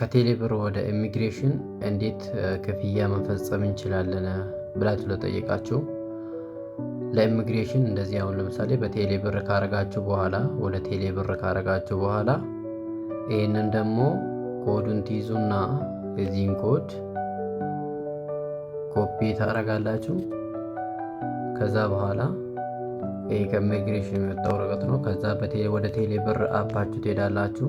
ከቴሌብር ወደ ኢሚግሬሽን እንዴት ክፍያ መፈጸም እንችላለን ብላችሁ ለጠየቃችሁ ለኢሚግሬሽን እንደዚህ አሁን ለምሳሌ በቴሌብር ካረጋችሁ በኋላ ወደ ቴሌብር ካረጋችሁ በኋላ ይህንን ደግሞ ኮዱን ትይዙና እዚህን ኮድ ኮፒ ታረጋላችሁ። ከዛ በኋላ ይህ ከኢሚግሬሽን የመጣ ወረቀት ነው። ከዛ ወደ ቴሌብር አፓችሁ ትሄዳላችሁ።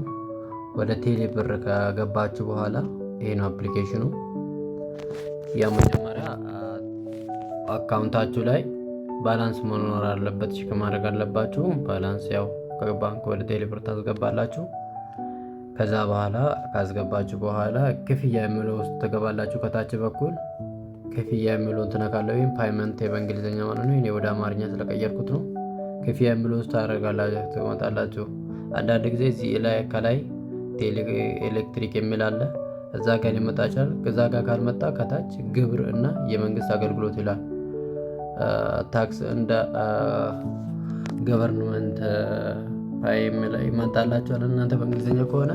ወደ ቴሌ ብር ከገባችሁ በኋላ ይህ ነው አፕሊኬሽኑ። ያው መጀመሪያ አካውንታችሁ ላይ ባላንስ መኖር አለበት፣ ቼክ ማድረግ አለባችሁ። ባላንስ ያው ከባንክ ወደ ቴሌ ብር ታስገባላችሁ። ከዛ በኋላ ካስገባችሁ በኋላ ክፍያ የሚለው ውስጥ ትገባላችሁ። ከታች በኩል ክፍያ የሚለውን እንትነካለ ወይም ፓይመንት በእንግሊዝኛ ማለት ነው። እኔ ወደ አማርኛ ስለቀየርኩት ነው። ክፍያ የሚለው ውስጥ ታደርጋላችሁ፣ ትመጣላችሁ። አንዳንድ ጊዜ እዚህ ላይ ከላይ ኤሌክትሪክ የሚል አለ። እዛ ጋር ሊመጣ ይችላል። ከዛ ጋር ካልመጣ ከታች ግብር እና የመንግስት አገልግሎት ይላል። ታክስ እንደ ገቨርንመንት ይመጣላቸዋል እናንተ በእንግሊዝኛ ከሆነ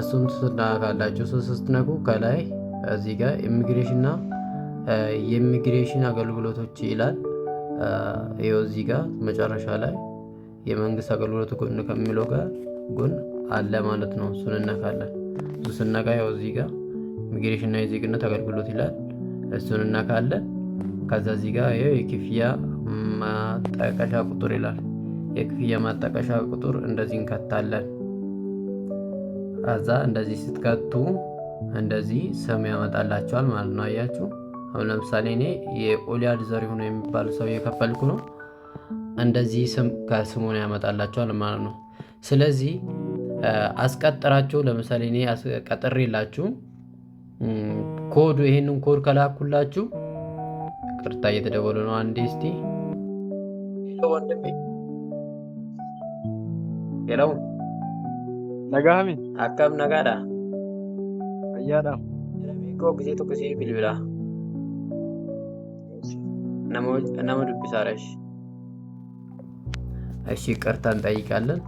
እሱም ስናካላቸው እሱ ስትነኩ ከላይ እዚህ ጋር ኢሚግሬሽን እና የኢሚግሬሽን አገልግሎቶች ይላል። ይኸው እዚህ ጋር መጨረሻ ላይ የመንግስት አገልግሎት ጎን ከሚለው ጋር ጎን አለ ማለት ነው። እሱን እነካለን። እሱ ስነካ ያው እዚህ ጋር ኢሚግሬሽንና የዜግነት አገልግሎት ይላል። እሱን እነካለን። ከዛ እዚህ ጋር ይኸው የክፍያ ማጣቀሻ ቁጥር ይላል። የክፍያ ማጣቀሻ ቁጥር እንደዚህ እንከታለን። ከዛ እንደዚህ ስትከቱ እንደዚህ ስም ያመጣላቸዋል ማለት ነው። አያችሁ አሁን ለምሳሌ እኔ የኦሊያድ ዘሪሁን የሚባል ሰው የከፈልኩ ነው። እንደዚህ ስም ከስሙ ያመጣላቸዋል ማለት ነው። ስለዚህ አስቀጥራችሁ ለምሳሌ እኔ ቀጥሬላችሁ ኮዱ ይሄንን ኮድ ከላኩላችሁ፣ ቅርታ እየተደወሉ ነው። አንዴ እስቲ ሄሎ ነጋሚ አካም ነጋዳ አያዳ ረሚቆ ጊዜ ጊዜ ቢልብላ ነመ እሺ፣ ቅርታ እንጠይቃለን።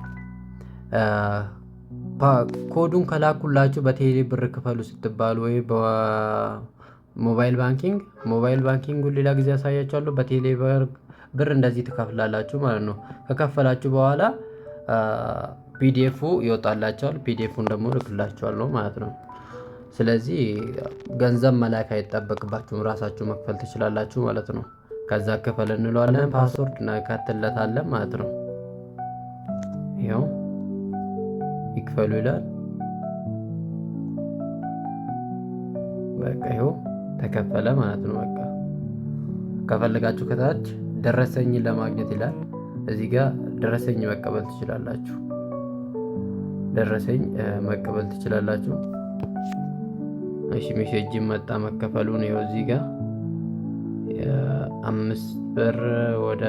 ኮዱን ከላኩላችሁ በቴሌ ብር ክፈሉ ስትባሉ ወይ በሞባይል ባንኪንግ ሞባይል ባንኪንግ ሌላ ጊዜ ያሳያችኋለሁ። በቴሌ ብር እንደዚህ ትከፍላላችሁ ማለት ነው። ከከፈላችሁ በኋላ ፒዲኤፉ ይወጣላቸዋል። ፒዲኤፉን ደግሞ ልክላቸዋል ነው ማለት ነው። ስለዚህ ገንዘብ መላክ አይጠበቅባችሁም፣ ራሳችሁ መክፈል ትችላላችሁ ማለት ነው። ከዛ ክፈል እንለዋለን፣ ፓስወርድ እናካትለታለን ማለት ነው። ይኸው ይክፈሉ ይላል። በቃ ይኸው ተከፈለ ማለት ነው። በቃ ከፈለጋችሁ ከታች ደረሰኝን ለማግኘት ይላል። እዚህ ጋር ደረሰኝ መቀበል ትችላላችሁ። ደረሰኝ መቀበል ትችላላችሁ። እሺ ሜሴጅ መጣ መከፈሉን ይኸው እዚህ ጋር አምስት ብር ወደ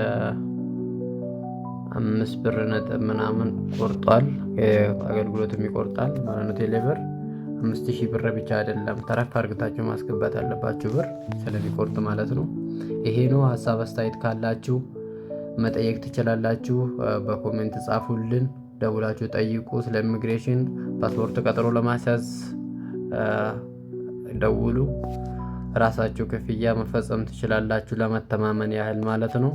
አምስት ብር ነጥብ ምናምን ቆርጧል። አገልግሎትም ይቆርጣል ማለት ነው። ቴሌብር አምስት ሺህ ብር ብቻ አይደለም ተረፍ አድርግታችሁ ማስገባት ያለባችሁ ብር ስለሚቆርጥ ማለት ነው። ይሄ ነው። ሀሳብ አስተያየት ካላችሁ መጠየቅ ትችላላችሁ። በኮሜንት ጻፉልን፣ ደውላችሁ ጠይቁ። ስለ ኢሚግሬሽን ፓስፖርት ቀጠሮ ለማስያዝ ደውሉ። ራሳችሁ ክፍያ መፈጸም ትችላላችሁ። ለመተማመን ያህል ማለት ነው።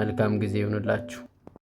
መልካም ጊዜ ይሁንላችሁ።